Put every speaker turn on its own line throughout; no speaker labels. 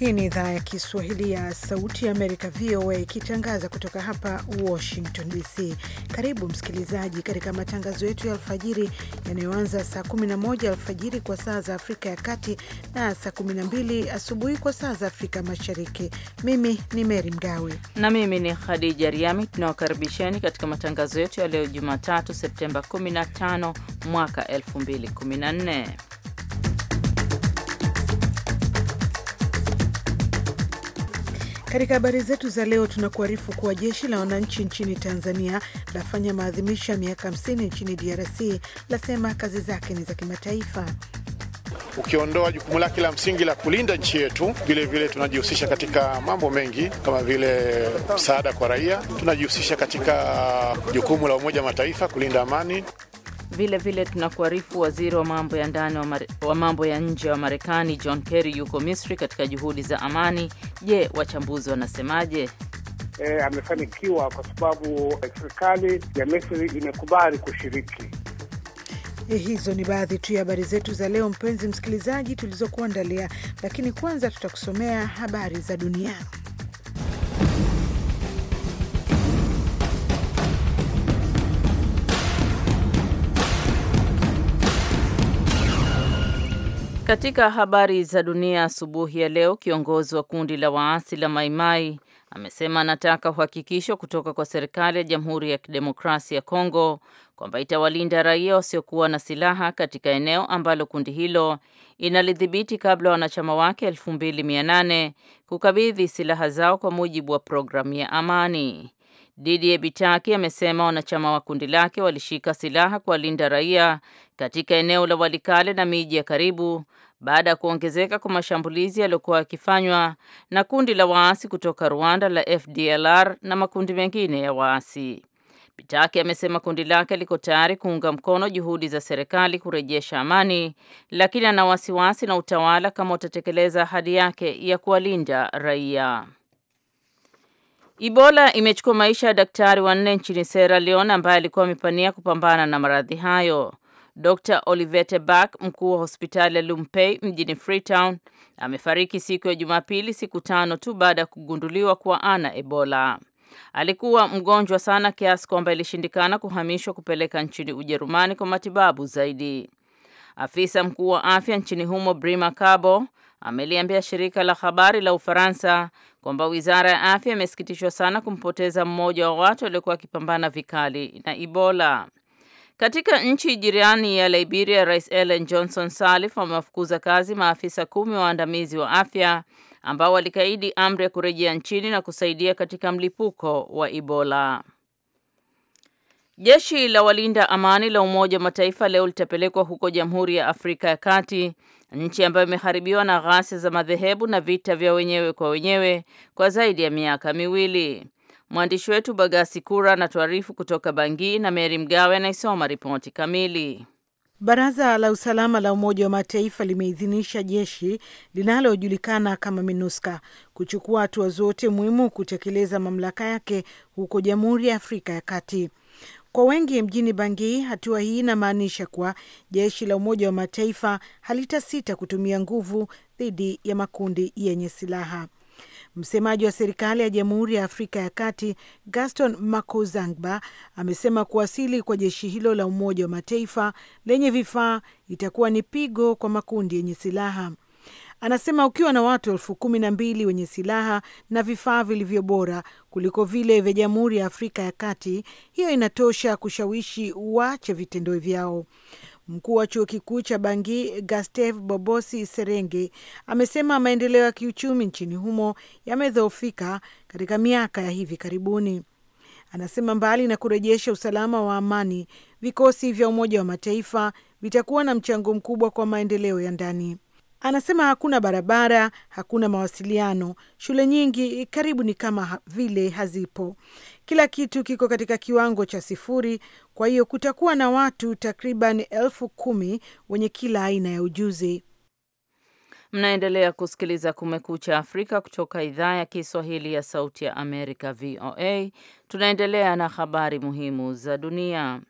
Hii ni idhaa ya Kiswahili ya Sauti ya Amerika, VOA, ikitangaza kutoka hapa Washington DC. Karibu msikilizaji katika matangazo yetu ya alfajiri yanayoanza saa 11 alfajiri kwa saa za Afrika ya Kati na saa 12 asubuhi kwa saa za Afrika Mashariki. Mimi ni Meri Mgawe
na mimi ni Khadija Riami. Tunawakaribisheni katika matangazo yetu ya leo Jumatatu, Septemba 15 mwaka 2014.
Katika habari zetu za leo tunakuarifu kuwa jeshi la wananchi nchini Tanzania lafanya maadhimisho ya miaka 50 nchini DRC, lasema kazi zake ni za kimataifa.
Ukiondoa jukumu lake la msingi la kulinda nchi yetu, vilevile tunajihusisha katika mambo mengi kama vile msaada kwa raia, tunajihusisha katika jukumu la Umoja Mataifa kulinda amani.
Vile vile tunakuarifu waziri wa mambo ya ndani wa, mare, wa mambo ya nje wa Marekani John Kerry yuko Misri katika juhudi za amani. Je, wachambuzi wanasemaje?
E, amefanikiwa kwa sababu serikali ya Misri imekubali kushiriki.
E, hizo ni baadhi tu ya habari
zetu za leo, mpenzi msikilizaji, tulizokuandalia, lakini kwanza tutakusomea habari za dunia.
Katika habari za dunia asubuhi ya leo, kiongozi wa kundi la waasi la Maimai amesema anataka uhakikisho kutoka kwa serikali ya Jamhuri ya Kidemokrasia ya Kongo kwamba itawalinda raia wasiokuwa na silaha katika eneo ambalo kundi hilo inalidhibiti kabla wanachama wake 28 kukabidhi silaha zao kwa mujibu wa programu ya amani. Didie Bitaki amesema wanachama wa kundi lake walishika silaha kuwalinda raia katika eneo la Walikale na miji ya karibu baada ya kuongezeka kwa mashambulizi yaliyokuwa yakifanywa na kundi la waasi kutoka Rwanda la FDLR na makundi mengine ya waasi. Bitaki amesema kundi lake liko tayari kuunga mkono juhudi za serikali kurejesha amani, lakini ana wasiwasi na utawala kama utatekeleza ahadi yake ya kuwalinda raia. Ebola imechukua maisha ya daktari wanne nchini Sierra Leone ambaye alikuwa amepania kupambana na maradhi hayo. Dr. Olivette back mkuu wa hospitali ya Lumpei mjini Freetown, amefariki siku ya Jumapili, siku tano tu baada ya kugunduliwa kuwa ana Ebola. Alikuwa mgonjwa sana kiasi kwamba ilishindikana kuhamishwa kupeleka nchini Ujerumani kwa matibabu zaidi. Afisa mkuu wa afya nchini humo Brima Cabo ameliambia shirika la habari la Ufaransa kwamba wizara ya afya imesikitishwa sana kumpoteza mmoja wa watu waliokuwa wakipambana vikali na Ebola. Katika nchi jirani ya Liberia, Rais Ellen Johnson Sirleaf amewafukuza kazi maafisa kumi wa waandamizi wa afya ambao walikaidi amri ya kurejea nchini na kusaidia katika mlipuko wa Ebola. Jeshi la walinda amani la Umoja wa Mataifa leo litapelekwa huko Jamhuri ya Afrika ya Kati nchi ambayo imeharibiwa na ghasia za madhehebu na vita vya wenyewe kwa wenyewe kwa zaidi ya miaka miwili. Mwandishi wetu Bagasi Kura anatuarifu kutoka bangi na Meri Mgawe anaisoma ripoti kamili.
Baraza la usalama la Umoja wa Mataifa limeidhinisha jeshi linalojulikana kama MINUSCA kuchukua hatua zote muhimu kutekeleza mamlaka yake huko Jamhuri ya Afrika ya Kati. Kwa wengi mjini Bangui, hatua hii inamaanisha kuwa jeshi la Umoja wa Mataifa halitasita kutumia nguvu dhidi ya makundi yenye silaha. Msemaji wa serikali ya Jamhuri ya Afrika ya Kati Gaston Makozangba amesema kuwasili kwa jeshi hilo la Umoja wa Mataifa lenye vifaa itakuwa ni pigo kwa makundi yenye silaha. Anasema ukiwa na watu elfu kumi na mbili wenye silaha na vifaa vilivyo bora kuliko vile vya Jamhuri ya Afrika ya Kati, hiyo inatosha kushawishi uache vitendo vyao. Mkuu wa chuo kikuu cha Bangi, gastev Bobosi Serenge, amesema maendeleo ya kiuchumi nchini humo yamedhoofika katika miaka ya hivi karibuni. Anasema mbali na kurejesha usalama wa amani, vikosi vya Umoja wa Mataifa vitakuwa na mchango mkubwa kwa maendeleo ya ndani. Anasema hakuna barabara, hakuna mawasiliano, shule nyingi karibu ni kama vile hazipo, kila kitu kiko katika kiwango cha sifuri. Kwa hiyo kutakuwa na watu takriban elfu kumi wenye kila aina ya ujuzi.
Mnaendelea kusikiliza Kumekucha Afrika kutoka idhaa ya Kiswahili ya Sauti ya Amerika, VOA. Tunaendelea na habari muhimu za dunia.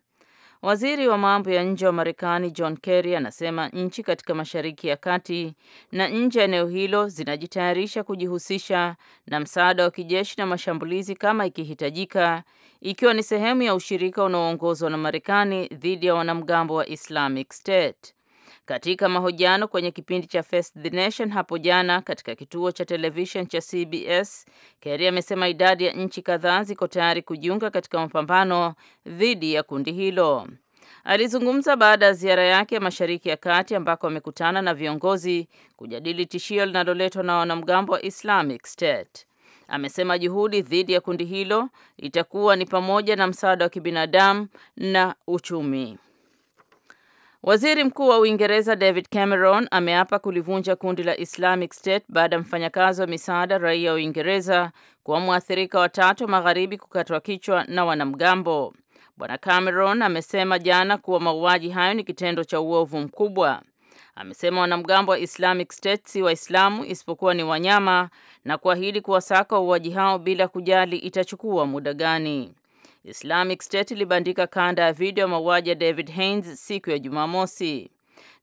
Waziri wa mambo ya nje wa Marekani John Kerry anasema nchi katika Mashariki ya Kati na nje ya eneo hilo zinajitayarisha kujihusisha na msaada wa kijeshi na mashambulizi kama ikihitajika, ikiwa ni sehemu ya ushirika unaoongozwa na Marekani dhidi ya wanamgambo wa Islamic State. Katika mahojiano kwenye kipindi cha Face the Nation hapo jana katika kituo cha television cha CBS, Kerry amesema idadi ya nchi kadhaa ziko tayari kujiunga katika mapambano dhidi ya kundi hilo. Alizungumza baada ya ziara yake ya Mashariki ya Kati ambako amekutana na viongozi kujadili tishio linaloletwa na wanamgambo wa Islamic State. Amesema juhudi dhidi ya kundi hilo itakuwa ni pamoja na msaada wa kibinadamu na uchumi. Waziri Mkuu wa Uingereza David Cameron ameapa kulivunja kundi la Islamic State baada ya mfanyakazi wa misaada raia wa Uingereza kuwa mwathirika watatu wa magharibi kukatwa kichwa na wanamgambo. Bwana Cameron amesema jana kuwa mauaji hayo ni kitendo cha uovu mkubwa. Amesema wanamgambo wa Islamic State si Waislamu isipokuwa ni wanyama na kuahidi kuwasaka wauaji hao bila kujali itachukua muda gani. Islamic State ilibandika kanda ya video ya mauaji ya David Haines siku ya Jumamosi.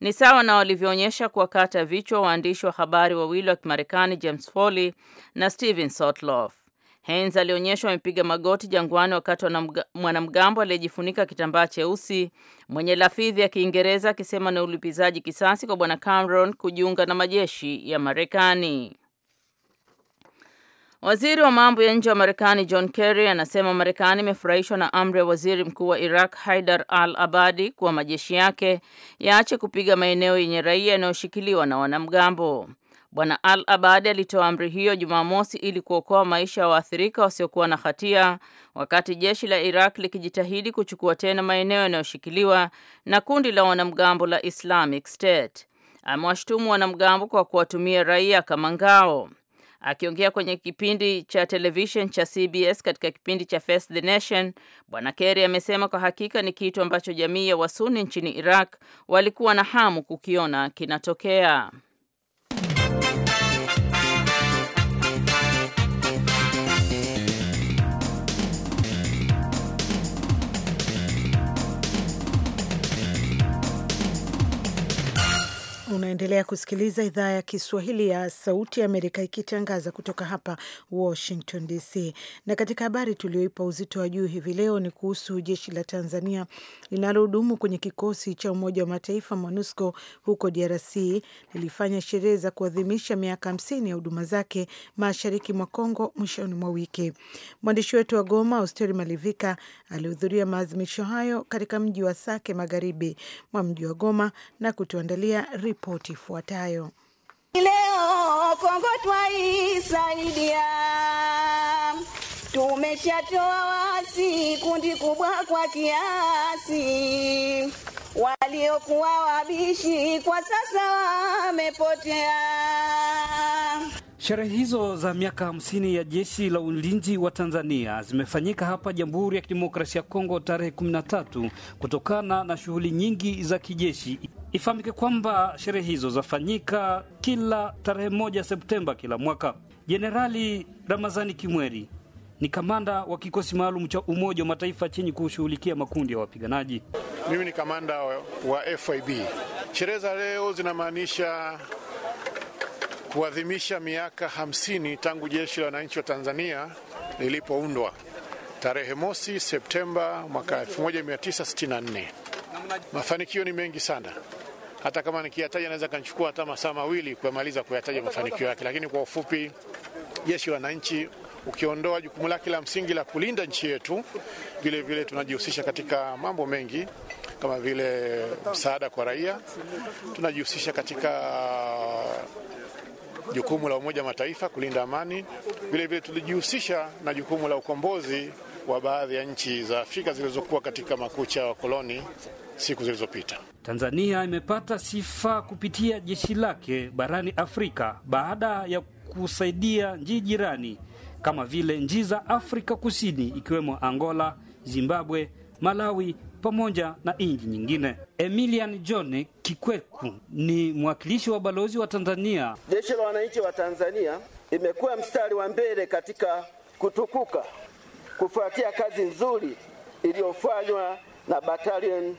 Ni sawa na walivyoonyesha kuwakata vichwa waandishi wa habari wawili wa Kimarekani James Foley na Steven Sotloff. Haines alionyeshwa amepiga magoti jangwani wakati mwanamgambo aliyejifunika kitambaa cheusi mwenye lafidhi ya Kiingereza akisema ni ulipizaji kisasi kwa bwana Cameron kujiunga na majeshi ya Marekani. Waziri wa mambo ya nje wa Marekani John Kerry anasema Marekani imefurahishwa na amri ya waziri mkuu wa Iraq Haidar al-Abadi kuwa majeshi yake yaache kupiga maeneo yenye raia yanayoshikiliwa na wanamgambo. Bwana al-Abadi alitoa amri hiyo Jumamosi ili kuokoa maisha ya waathirika wasiokuwa na hatia wakati jeshi la Iraq likijitahidi kuchukua tena maeneo yanayoshikiliwa na kundi la wanamgambo la Islamic State. Amewashutumu wanamgambo kwa kuwatumia raia kama ngao. Akiongea kwenye kipindi cha television cha CBS katika kipindi cha Face the Nation, Bwana Kerry amesema kwa hakika ni kitu ambacho jamii ya Wasuni nchini Iraq walikuwa na hamu kukiona kinatokea.
Unaendelea kusikiliza idhaa ya Kiswahili ya Sauti ya Amerika ikitangaza kutoka hapa Washington DC. Na katika habari tulioipa uzito wa juu hivi leo ni kuhusu jeshi la Tanzania linalohudumu kwenye kikosi cha Umoja wa Mataifa MONUSCO huko DRC lilifanya sherehe za kuadhimisha miaka hamsini ya huduma zake mashariki mwa Kongo mwishoni mwa wiki. Mwandishi wetu wa Goma, Austeri Malivika, alihudhuria maadhimisho hayo katika mji wa Sake, magharibi mwa mji wa Goma, na kutuandalia ripoti ifuatayo.
Leo Kongo twaisaidia,
tumeshatoa wasi kundi kubwa kwa kiasi, waliokuwa wabishi kwa
sasa wamepotea.
Sherehe hizo za miaka hamsini ya jeshi la ulinzi wa Tanzania zimefanyika hapa Jamhuri ya Kidemokrasia ya Kongo tarehe 13 kutokana na shughuli nyingi za kijeshi. Ifahamike kwamba sherehe hizo zafanyika kila tarehe moja Septemba kila mwaka. Jenerali Ramazani Kimweri ni kamanda wa kikosi maalum cha Umoja wa Mataifa chenye kushughulikia makundi ya wapiganaji.
Mimi ni kamanda wa FIB. Sherehe za leo zinamaanisha kuadhimisha miaka hamsini tangu Jeshi la Wananchi wa Tanzania lilipoundwa tarehe mosi Septemba mwaka 1964. Mafanikio ni mengi sana, hata kama nikiyataja naweza kanichukua hata masaa mawili kuyamaliza kuyataja mafanikio yake, lakini kwa ufupi, Jeshi la Wananchi ukiondoa jukumu lake la msingi la kulinda nchi yetu, vile vile tunajihusisha katika mambo mengi kama vile msaada kwa raia, tunajihusisha katika jukumu la Umoja wa Mataifa kulinda amani, vilevile tulijihusisha na jukumu la ukombozi wa baadhi ya nchi za Afrika zilizokuwa katika makucha ya wakoloni siku zilizopita.
Tanzania imepata sifa kupitia jeshi lake barani Afrika baada ya kusaidia nchi jirani kama vile nchi za Afrika Kusini ikiwemo Angola, Zimbabwe, Malawi pamoja na nchi nyingine. Emilian John Kikweku ni mwakilishi wa balozi wa Tanzania.
Jeshi la wananchi wa Tanzania imekuwa mstari wa mbele katika kutukuka kufuatia kazi nzuri iliyofanywa na batalion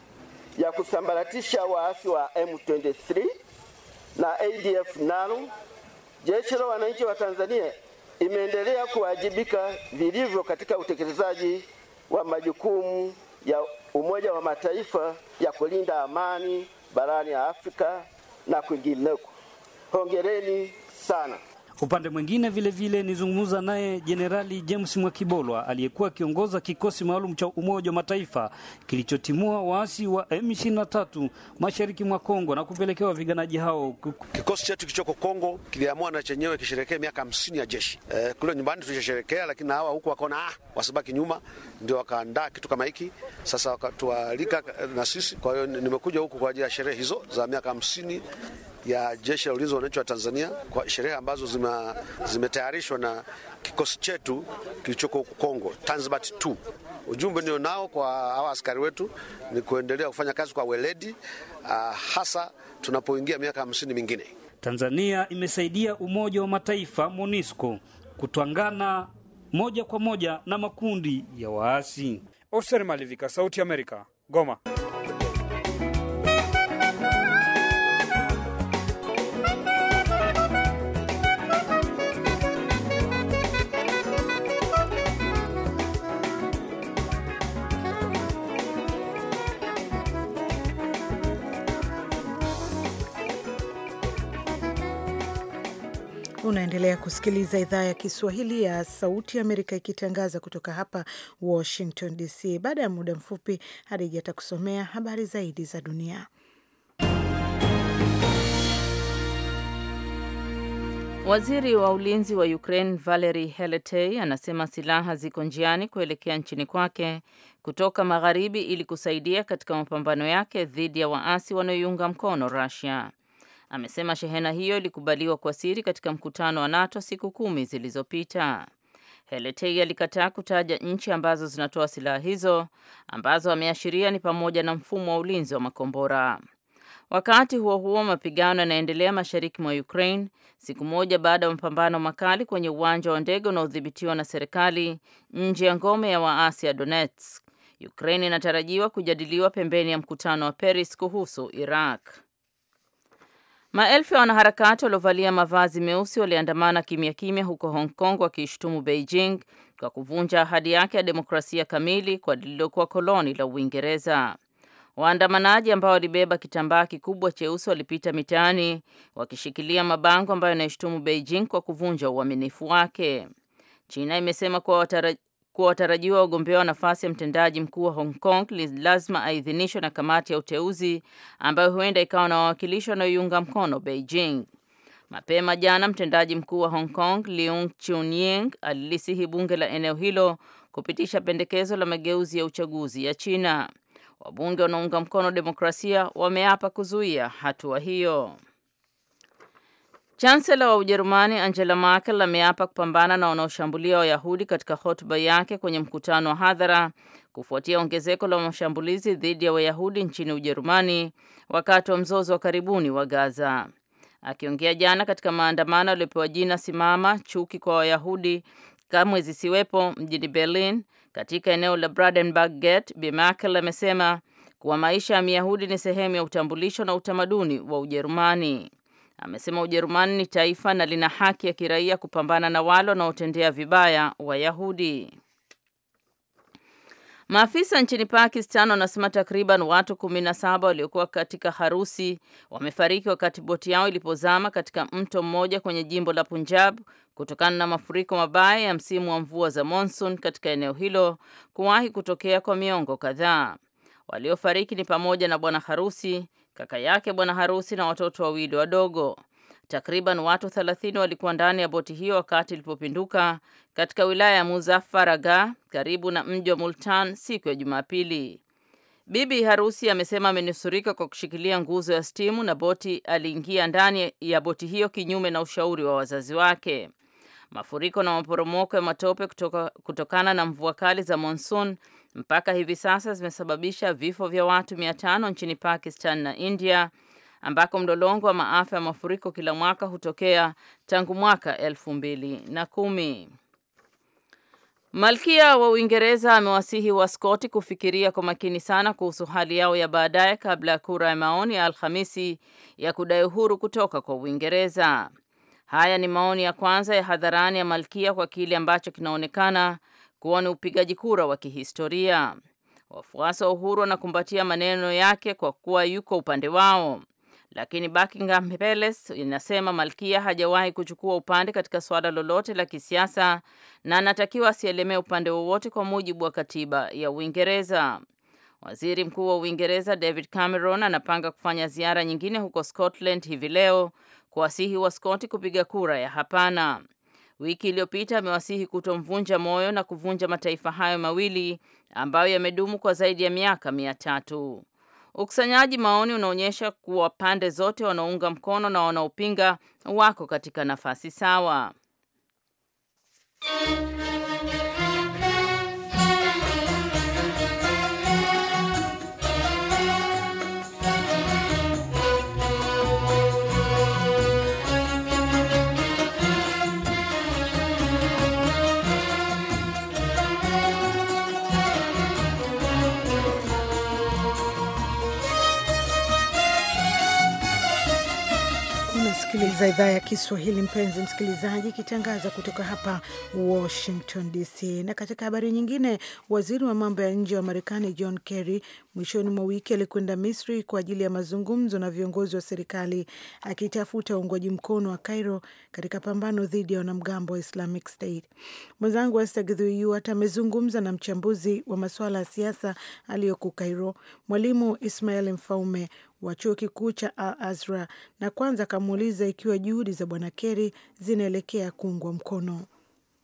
ya kusambaratisha waasi wa M23 na ADF NALU. Jeshi la wananchi wa Tanzania imeendelea kuwajibika vilivyo katika utekelezaji wa majukumu ya Umoja wa Mataifa ya kulinda amani barani ya Afrika na kwingineko. Hongereni sana.
Upande mwingine vilevile nizungumza naye Jenerali James Mwakibolwa aliyekuwa akiongoza kikosi maalum cha Umoja wa Mataifa kilichotimua waasi wa M23 mashariki mwa Kongo na kupelekewa
wapiganaji hao. Kikosi chetu kilichoko Kongo kiliamua na chenyewe kisherekee miaka hamsini ya jeshi e, kule nyumbani tulisherekea, lakini hawa huku wakaona ah, wasibaki nyuma, ndio wakaandaa kitu kama hiki. Sasa wakatualika eh, na sisi, kwa hiyo nimekuja huku kwa ajili ya sherehe hizo za miaka hamsini ya jeshi la ulinzi wa wananchi wa Tanzania kwa sherehe ambazo zimetayarishwa na kikosi chetu kilichoko Kongo, Tanzbat 2. Ujumbe nio nao kwa hawa askari wetu ni kuendelea kufanya kazi kwa weledi, uh, hasa tunapoingia
miaka hamsini mingine.
Tanzania imesaidia Umoja wa Mataifa MONUSCO kutwangana moja kwa moja na makundi ya waasi. Oser Malivika, Sauti Amerika, Goma.
Unaendelea kusikiliza idhaa ya Kiswahili ya Sauti ya Amerika ikitangaza kutoka hapa Washington DC. Baada ya muda mfupi, Hadija atakusomea habari zaidi za dunia.
Waziri wa ulinzi wa Ukraine Valery Heletey anasema silaha ziko njiani kuelekea nchini kwake kutoka magharibi ili kusaidia katika mapambano yake dhidi ya waasi wanaoiunga mkono rusia amesema shehena hiyo ilikubaliwa kwa siri katika mkutano wa NATO siku kumi zilizopita. Heletei alikataa kutaja nchi ambazo zinatoa silaha hizo ambazo ameashiria ni pamoja na mfumo wa ulinzi wa makombora. Wakati huo huo, mapigano yanaendelea mashariki mwa Ukraine siku moja baada ya mapambano makali kwenye uwanja wa ndege unaodhibitiwa na serikali nje ya ngome ya waasi ya Donetsk. Ukraine inatarajiwa kujadiliwa pembeni ya mkutano wa Paris kuhusu Iraq. Maelfu ya wanaharakati waliovalia mavazi meusi waliandamana kimya kimya huko Hong Kong wakiishtumu Beijing kwa kuvunja ahadi yake ya demokrasia kamili kwa lililokuwa koloni la Uingereza. Waandamanaji ambao walibeba kitambaa kikubwa cheusi walipita mitaani wakishikilia mabango ambayo yanaishtumu Beijing kwa kuvunja uaminifu wake. China imesema kuwa kuwa watarajiwa wagombea wa nafasi ya mtendaji mkuu wa Hong Kong lazima aidhinishwe na kamati ya uteuzi ambayo huenda ikawa na wawakilishi wanaoiunga mkono Beijing. Mapema jana mtendaji mkuu wa Hong Kong Leung Chun-ying alilisihi bunge la eneo hilo kupitisha pendekezo la mageuzi ya uchaguzi ya China. Wabunge wanaunga mkono demokrasia wameapa kuzuia hatua hiyo. Chansela wa Ujerumani Angela Merkel ameapa kupambana na wanaoshambulia Wayahudi katika hotuba yake kwenye mkutano wa hadhara kufuatia ongezeko la mashambulizi dhidi ya Wayahudi nchini Ujerumani wakati wa mzozo wa karibuni wa Gaza. Akiongea jana katika maandamano yaliyopewa jina Simama Chuki kwa Wayahudi kamwe zisiwepo mjini Berlin katika eneo la Brandenburg Gate, Bi Merkel amesema kuwa maisha ya Myahudi ni sehemu ya utambulisho na utamaduni wa Ujerumani amesema Ujerumani ni taifa na lina haki ya kiraia kupambana na wale wanaotendea vibaya Wayahudi. Maafisa nchini Pakistan wanasema takriban watu 17 waliokuwa katika harusi wamefariki wakati boti yao ilipozama katika mto mmoja kwenye jimbo la Punjab kutokana na mafuriko mabaya ya msimu wa mvua za monsoon katika eneo hilo kuwahi kutokea kwa miongo kadhaa. Waliofariki ni pamoja na bwana harusi, kaka yake bwana harusi na watoto wawili wadogo. Takriban watu 30 walikuwa ndani ya boti hiyo wakati ilipopinduka katika wilaya ya Muzaffaraga karibu na mji wa Multan siku ya Jumapili. Bibi harusi amesema amenusurika kwa kushikilia nguzo ya stimu na boti aliingia ndani ya boti hiyo kinyume na ushauri wa wazazi wake. Mafuriko na maporomoko ya matope kutoka, kutokana na mvua kali za monsoon mpaka hivi sasa zimesababisha vifo vya watu 500 nchini Pakistan na India ambako mdolongo wa maafa ya mafuriko kila mwaka hutokea tangu mwaka elfu mbili na kumi. Malkia wa Uingereza amewasihi Waskoti kufikiria kwa makini sana kuhusu hali yao ya baadaye kabla ya kura ya maoni ya Alhamisi ya kudai uhuru kutoka kwa Uingereza. Haya ni maoni ya kwanza ya hadharani ya Malkia kwa kile ambacho kinaonekana kuwa ni upigaji kura wa kihistoria. Wafuasi wa Uhuru wanakumbatia maneno yake kwa kuwa yuko upande wao, lakini Buckingham Palace inasema malkia hajawahi kuchukua upande katika suala lolote la kisiasa na anatakiwa asielemee upande wowote kwa mujibu wa katiba ya Uingereza. Waziri Mkuu wa Uingereza David Cameron anapanga kufanya ziara nyingine huko Scotland hivi leo kuwasihi Waskoti kupiga kura ya hapana. Wiki iliyopita amewasihi kutomvunja moyo na kuvunja mataifa hayo mawili ambayo yamedumu kwa zaidi ya miaka mia tatu. Ukusanyaji maoni unaonyesha kuwa pande zote wanaounga mkono na wanaopinga wako katika nafasi sawa.
unasikiliza idhaa ya Kiswahili, mpenzi msikilizaji, ikitangaza kutoka hapa Washington DC. Na katika habari nyingine, waziri wa mambo ya nje wa Marekani John Kerry mwishoni mwa wiki alikwenda Misri kwa ajili ya mazungumzo na viongozi wa serikali, akitafuta uungwaji mkono wa Cairo katika pambano dhidi ya wanamgambo wa Islamic State. Mwenzangu Astagidhuat amezungumza na mchambuzi wa masuala ya siasa aliyoko Cairo, Mwalimu Ismail Mfaume wa chuo kikuu cha Al Azra, na kwanza akamuuliza ikiwa juhudi za bwana keri zinaelekea kuungwa mkono.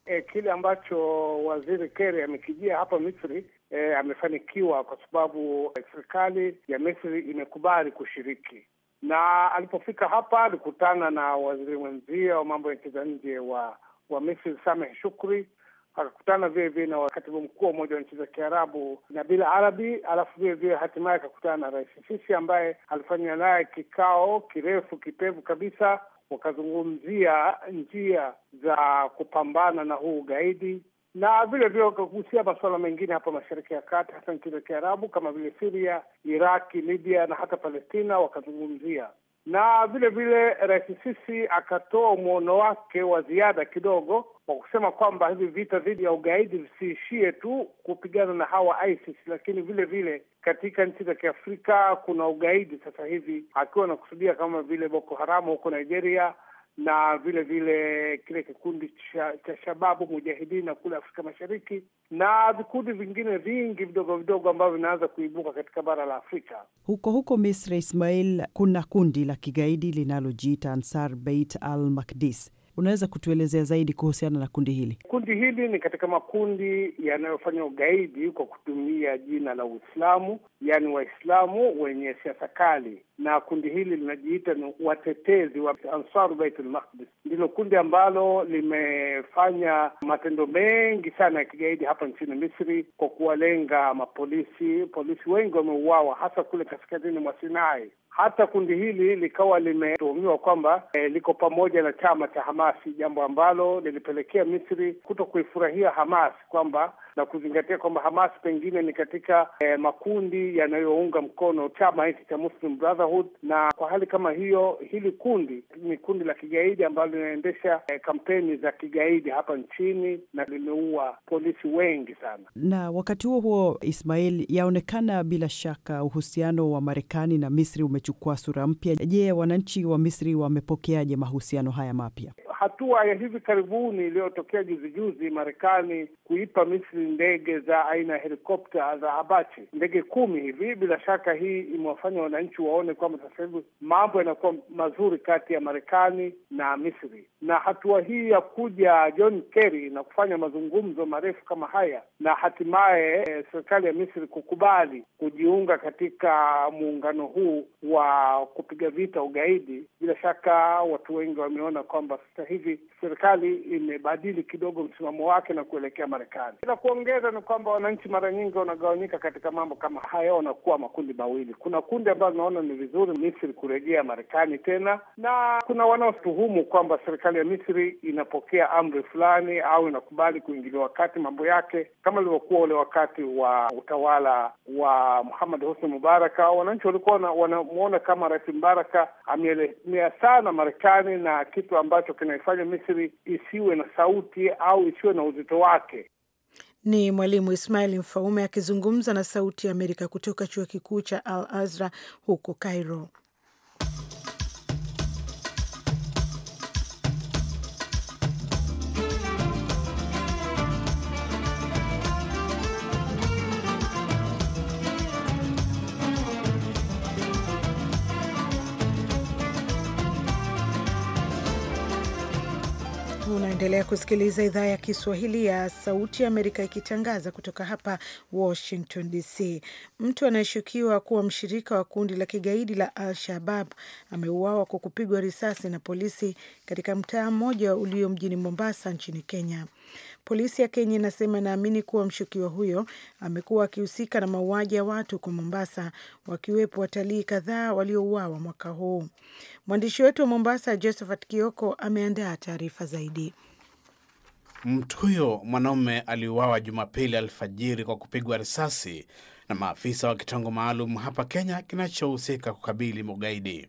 E, kile ambacho waziri keri amekijia hapa Misri e, amefanikiwa kwa sababu eh, serikali ya Misri imekubali kushiriki, na alipofika hapa alikutana na waziri mwenzia wa mambo ya nchi za nje wa wa Misri Sameh Shukri akakutana vile vile na katibu mkuu wa Umoja wa Nchi za Kiarabu Nabil Arabi, alafu vile vile hatimaye akakutana na Rais Sisi ambaye alifanya naye kikao kirefu kipevu kabisa. Wakazungumzia njia za kupambana na huu ugaidi na vile vile wakagusia masuala mengine hapa Mashariki ya Kati, hasa nchi za Kiarabu kama vile Siria, Iraki, Libya na hata Palestina wakazungumzia na vile vile Rais Sisi akatoa mwono wake wa ziada kidogo kwa kusema kwamba hivi vita dhidi ya ugaidi visiishie tu kupigana na hawa ISIS, lakini vile vile katika nchi za Kiafrika kuna ugaidi sasa hivi, akiwa anakusudia kama vile Boko Haramu huko Nigeria na vile vile kile kikundi cha, shababu mujahidini na kule Afrika Mashariki na vikundi vingine vingi vidogo vidogo ambavyo vinaanza kuibuka katika bara la Afrika.
Huko huko Misri, Ismail, kuna kundi la kigaidi linalojiita Ansar Beit al Makdis Unaweza kutuelezea zaidi kuhusiana na kundi hili?
Kundi hili ni katika makundi yanayofanya ugaidi kwa kutumia jina la Uislamu, yaani Waislamu wenye siasa kali, na kundi hili linajiita ni watetezi wa Ansar Baitul Maqdis. Ndilo kundi ambalo limefanya matendo mengi sana ya kigaidi hapa nchini Misri kwa kuwalenga mapolisi. Polisi wengi wameuawa hasa kule kaskazini mwa Sinai hata kundi hili likawa limetuhumiwa kwamba e, liko pamoja na chama cha Hamasi, jambo ambalo lilipelekea Misri kuto kuifurahia Hamas kwamba na kuzingatia kwamba Hamas pengine ni katika e, makundi yanayounga mkono chama hiki cha Muslim Brotherhood, na kwa hali kama hiyo, hili kundi ni kundi la kigaidi ambalo linaendesha e, kampeni za kigaidi hapa nchini na limeua polisi wengi sana.
Na wakati huo huo, Ismail, yaonekana bila shaka uhusiano wa Marekani na Misri ume kuchukua sura mpya. Je, wananchi wa Misri wamepokeaje mahusiano haya mapya?
hatua ya hivi karibuni iliyotokea juzi juzi Marekani kuipa Misri ndege za aina ya helikopta za Abachi, ndege kumi hivi. Bila shaka hii imewafanya wananchi waone kwamba sasa hivi mambo yanakuwa mazuri kati ya Marekani na Misri, na hatua hii ya kuja John Kerry na kufanya mazungumzo marefu kama haya na hatimaye eh, serikali ya Misri kukubali kujiunga katika muungano huu wa kupiga vita ugaidi, bila shaka watu wengi wameona kwamba sasa sasa hivi serikali imebadili kidogo msimamo wake na kuelekea Marekani. La kuongeza ni kwamba wananchi mara nyingi wanagawanyika katika mambo kama haya, wanakuwa makundi mawili. Kuna kundi ambalo inaona ni vizuri Misri kurejea Marekani tena, na kuna wanaotuhumu kwamba serikali ya Misri inapokea amri fulani au inakubali kuingilia wakati mambo yake kama ilivyokuwa ule wakati wa utawala wa Muhammad Hosni Mubaraka. Wananchi walikuwa wanamwona kama Rais Mubaraka ameelemea sana Marekani na kitu ambacho kina inaifanya Misri isiwe na sauti au isiwe na uzito wake.
Ni Mwalimu Ismail Mfaume akizungumza na Sauti ya Amerika kutoka chuo kikuu cha Al azra huko Cairo. Unaendelea kusikiliza idhaa ya Kiswahili ya Sauti ya Amerika ikitangaza kutoka hapa Washington DC. Mtu anayeshukiwa kuwa mshirika wa kundi la kigaidi la Al Shabab ameuawa kwa kupigwa risasi na polisi katika mtaa mmoja ulio mjini Mombasa nchini Kenya. Polisi ya Kenya inasema inaamini kuwa mshukiwa huyo amekuwa akihusika na mauaji ya watu kwa Mombasa, wakiwepo watalii kadhaa waliouawa mwaka huu. Mwandishi wetu wa Mombasa, Josephat Kioko, ameandaa taarifa zaidi.
Mtu huyo mwanaume aliuawa Jumapili alfajiri kwa kupigwa risasi na maafisa wa kitengo maalum hapa Kenya kinachohusika kukabili ugaidi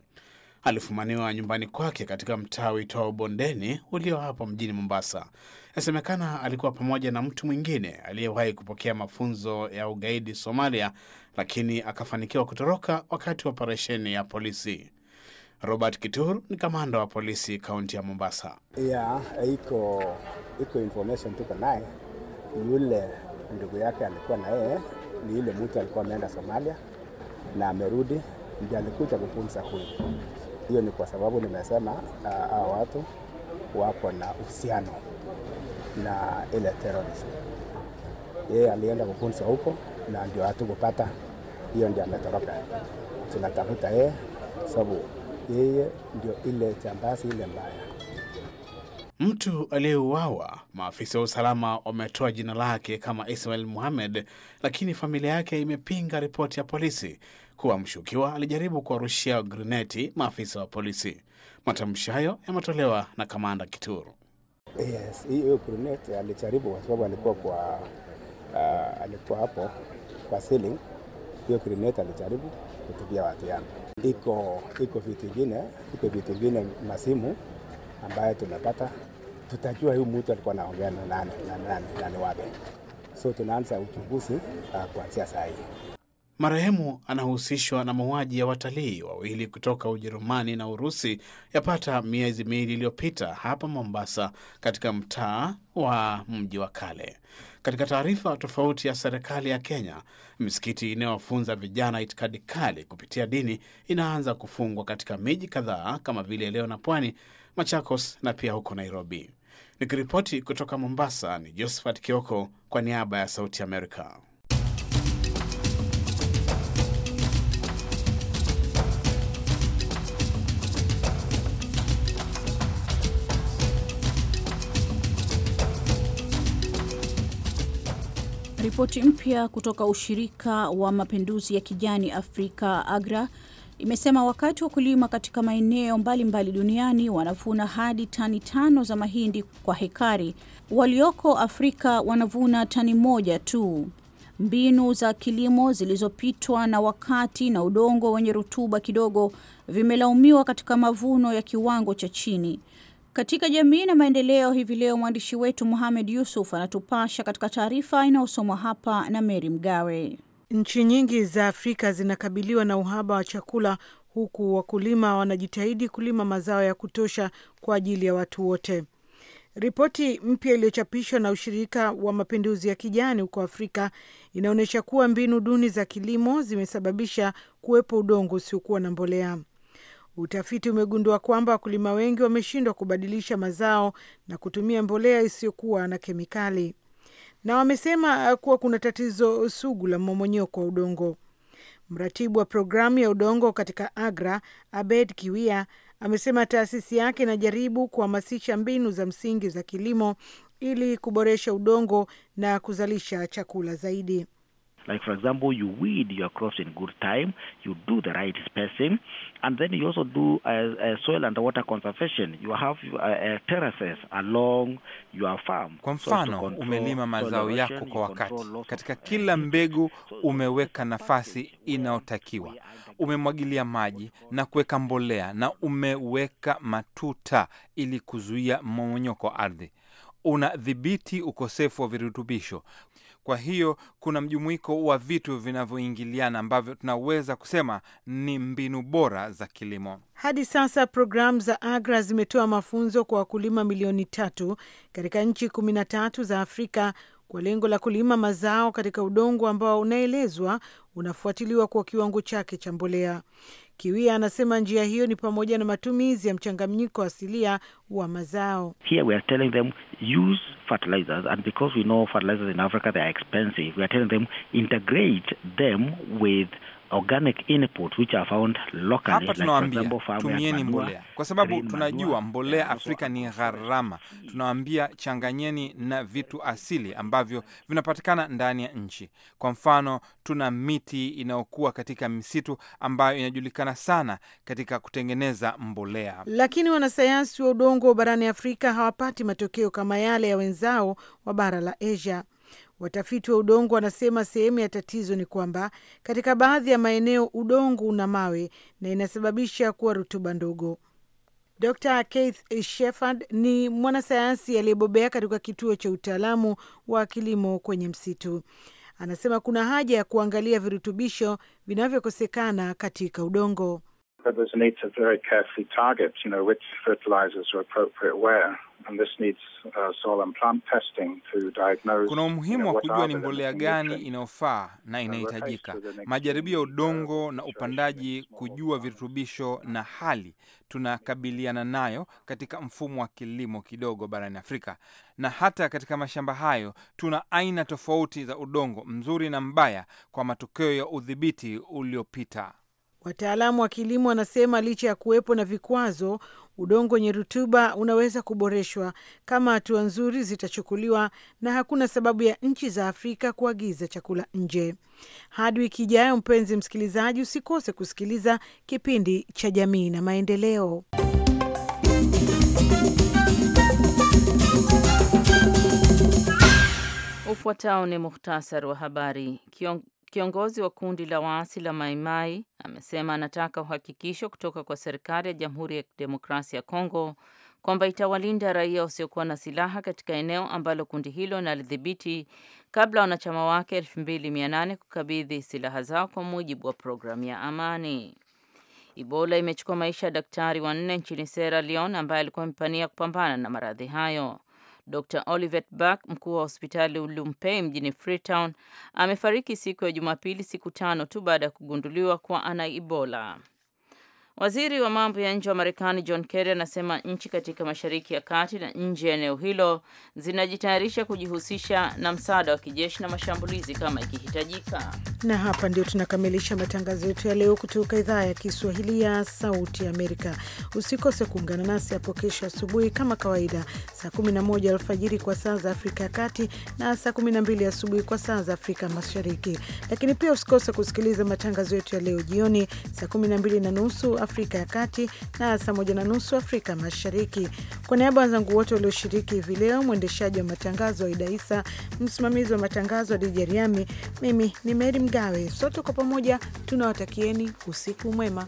Alifumaniwa nyumbani kwake katika mtaa uitwao Bondeni ulio hapa mjini Mombasa. Inasemekana alikuwa pamoja na mtu mwingine aliyewahi kupokea mafunzo ya ugaidi Somalia, lakini akafanikiwa kutoroka wakati wa operesheni ya polisi. Robert Kituru ni kamanda wa polisi kaunti ya Mombasa.
Yeah, iko iko information
tuko naye, yule ndugu yake alikuwa na yeye, ni yule mtu alikuwa ameenda Somalia na amerudi, ndio alikuja kupumza huyu. Hiyo ni kwa sababu nimesema ah, hawa uh, watu wako na uhusiano na ile terrorism. Yeye alienda kufunza huko na ndio hatukupata, hiyo ndio ametoroka. Tunatafuta yeye sababu yeye ndio ile jambazi ile mbaya. Mtu aliyeuawa, maafisa wa usalama wametoa jina lake kama Ismail Muhamed, lakini familia yake imepinga ripoti ya polisi kuwa mshukiwa alijaribu kuwarushia grineti maafisa wa polisi. Matamshi hayo yametolewa na kamanda Kituru. Yes, hiyo grineti alijaribu kwa sababu alikuwa kwa uh, alikuwa hapo kwa ceiling. Hiyo grineti alijaribu kutubia watu yangu. Iko iko vitu vingine, iko vitu vingine masimu ambayo tunapata, tutajua huyu mtu alikuwa anaongea na nani na ni wapi. So tunaanza uchunguzi ah, kuanzia saa hii. Marehemu anahusishwa na mauaji ya watalii wawili kutoka Ujerumani na Urusi yapata miezi miwili iliyopita hapa Mombasa, katika mtaa wa mji wa kale. Katika taarifa tofauti ya serikali ya Kenya, misikiti inayofunza vijana itikadi kali kupitia dini inaanza kufungwa katika miji kadhaa kama vile leo na Pwani, Machakos na pia huko Nairobi. Nikiripoti kutoka Mombasa ni Josephat Kioko kwa niaba ya Sauti Amerika.
Ripoti mpya kutoka ushirika wa mapinduzi ya kijani Afrika AGRA imesema wakati wa kulima katika maeneo mbalimbali duniani wanavuna hadi tani tano za mahindi kwa hekari, walioko Afrika wanavuna tani moja tu. Mbinu za kilimo zilizopitwa na wakati na udongo wenye rutuba kidogo vimelaumiwa katika mavuno ya kiwango cha chini. Katika jamii na maendeleo hivi leo, mwandishi wetu Mohamed Yusuf anatupasha katika taarifa inayosomwa hapa na Meri Mgawe. Nchi nyingi
za Afrika zinakabiliwa na uhaba wa chakula, huku wakulima wanajitahidi kulima mazao ya kutosha kwa ajili ya watu wote. Ripoti mpya iliyochapishwa na ushirika wa mapinduzi ya kijani huko Afrika inaonyesha kuwa mbinu duni za kilimo zimesababisha kuwepo udongo usiokuwa na mbolea. Utafiti umegundua kwamba wakulima wengi wameshindwa kubadilisha mazao na kutumia mbolea isiyokuwa na kemikali, na wamesema uh, kuwa kuna tatizo sugu la mmomonyoko wa udongo. Mratibu wa programu ya udongo katika AGRA, Abed Kiwia, amesema taasisi yake inajaribu kuhamasisha mbinu za msingi za kilimo ili kuboresha udongo na kuzalisha chakula zaidi.
Like, for example, you weed your
crops in good time, you do the right spacing, and then you also do uh, uh soil and water conservation. You have uh, uh terraces along your farm. Kwa mfano, so umelima mazao yako kwa wakati,
katika kila mbegu umeweka nafasi inayotakiwa, umemwagilia maji na kuweka mbolea na umeweka matuta ili kuzuia mmomonyoko wa ardhi unadhibiti ukosefu wa virutubisho. Kwa hiyo kuna mjumuiko wa vitu vinavyoingiliana ambavyo tunaweza kusema ni mbinu bora za kilimo.
Hadi sasa programu za AGRA zimetoa mafunzo kwa wakulima milioni tatu katika nchi kumi na tatu za Afrika kwa lengo la kulima mazao katika udongo ambao unaelezwa unafuatiliwa kwa kiwango chake cha mbolea. Kiwia anasema njia hiyo ni pamoja na matumizi ya mchanganyiko asilia wa mazao.
Here we are telling them use fertilizers and because we know fertilizers in Africa they are expensive we are telling them integrate them with organic input which are found locally hapa tunawaambia like tumieni mbolea kwa
sababu tunajua mbolea Afrika ni gharama. Tunawaambia changanyeni na vitu asili ambavyo vinapatikana ndani ya nchi. Kwa mfano, tuna miti inayokuwa katika misitu ambayo inajulikana sana katika kutengeneza mbolea,
lakini wanasayansi wa udongo barani Afrika hawapati matokeo kama yale ya wenzao wa bara la Asia. Watafiti wa udongo wanasema sehemu ya tatizo ni kwamba katika baadhi ya maeneo udongo una mawe na inasababisha kuwa rutuba ndogo. Dr Keith shefard ni mwanasayansi aliyebobea katika kituo cha utaalamu wa kilimo kwenye msitu. Anasema kuna haja ya kuangalia virutubisho vinavyokosekana katika udongo
to very carefully target, you know, which fertilizers are appropriate where. And this needs, uh, soil and plant testing to diagnose, kuna umuhimu wa kujua ni mbolea gani
inayofaa na inahitajika, majaribio ya uh, udongo na upandaji, kujua virutubisho na hali tunakabiliana nayo katika mfumo wa kilimo kidogo barani Afrika. Na hata katika mashamba hayo tuna aina tofauti za udongo mzuri na mbaya, kwa matokeo ya udhibiti uliopita.
Wataalamu wa kilimo wanasema licha ya kuwepo na vikwazo, udongo wenye rutuba unaweza kuboreshwa kama hatua nzuri zitachukuliwa, na hakuna sababu ya nchi za Afrika kuagiza chakula nje. Hadi wiki ijayo, mpenzi msikilizaji, usikose kusikiliza kipindi cha Jamii na Maendeleo.
Ufuatao ni muhtasari wa habari. Kion, kiongozi wa kundi la waasi la Maimai amesema anataka uhakikisho kutoka kwa serikali ya Jamhuri ya Kidemokrasia ya Kongo kwamba itawalinda raia wasiokuwa na silaha katika eneo ambalo kundi hilo nalidhibiti kabla wanachama wake 2800 kukabidhi silaha zao kwa mujibu wa programu ya amani. ibola imechukua maisha ya daktari wanne nchini Sierra Leone ambaye alikuwa amepania kupambana na maradhi hayo. Dr Olivet back mkuu wa hospitali Ulumpei mjini Freetown, amefariki siku ya Jumapili, siku tano tu baada ya kugunduliwa kuwa ana Ebola. Waziri wa mambo ya nje wa Marekani John Kerry anasema nchi katika Mashariki ya Kati na nje ya eneo hilo zinajitayarisha kujihusisha na msaada wa kijeshi na mashambulizi kama ikihitajika.
Na hapa ndio tunakamilisha matangazo yetu ya leo kutoka idhaa ya Kiswahili ya Sauti ya Amerika. Usikose kuungana nasi hapo kesho asubuhi kama kawaida, saa 11 alfajiri kwa saa za Afrika ya Kati na saa 12 asubuhi kwa saa za Afrika Mashariki. Lakini pia usikose kusikiliza matangazo yetu ya leo jioni saa 12 na nusu Afrika ya Kati na saa moja na nusu Afrika Mashariki. Kwa niaba ya wenzangu wote walioshiriki hivi leo, mwendeshaji wa matangazo wa Aida Isa, msimamizi wa matangazo wa Dija Riami, mimi ni Meri Mgawe. Sote kwa pamoja tunawatakieni usiku mwema.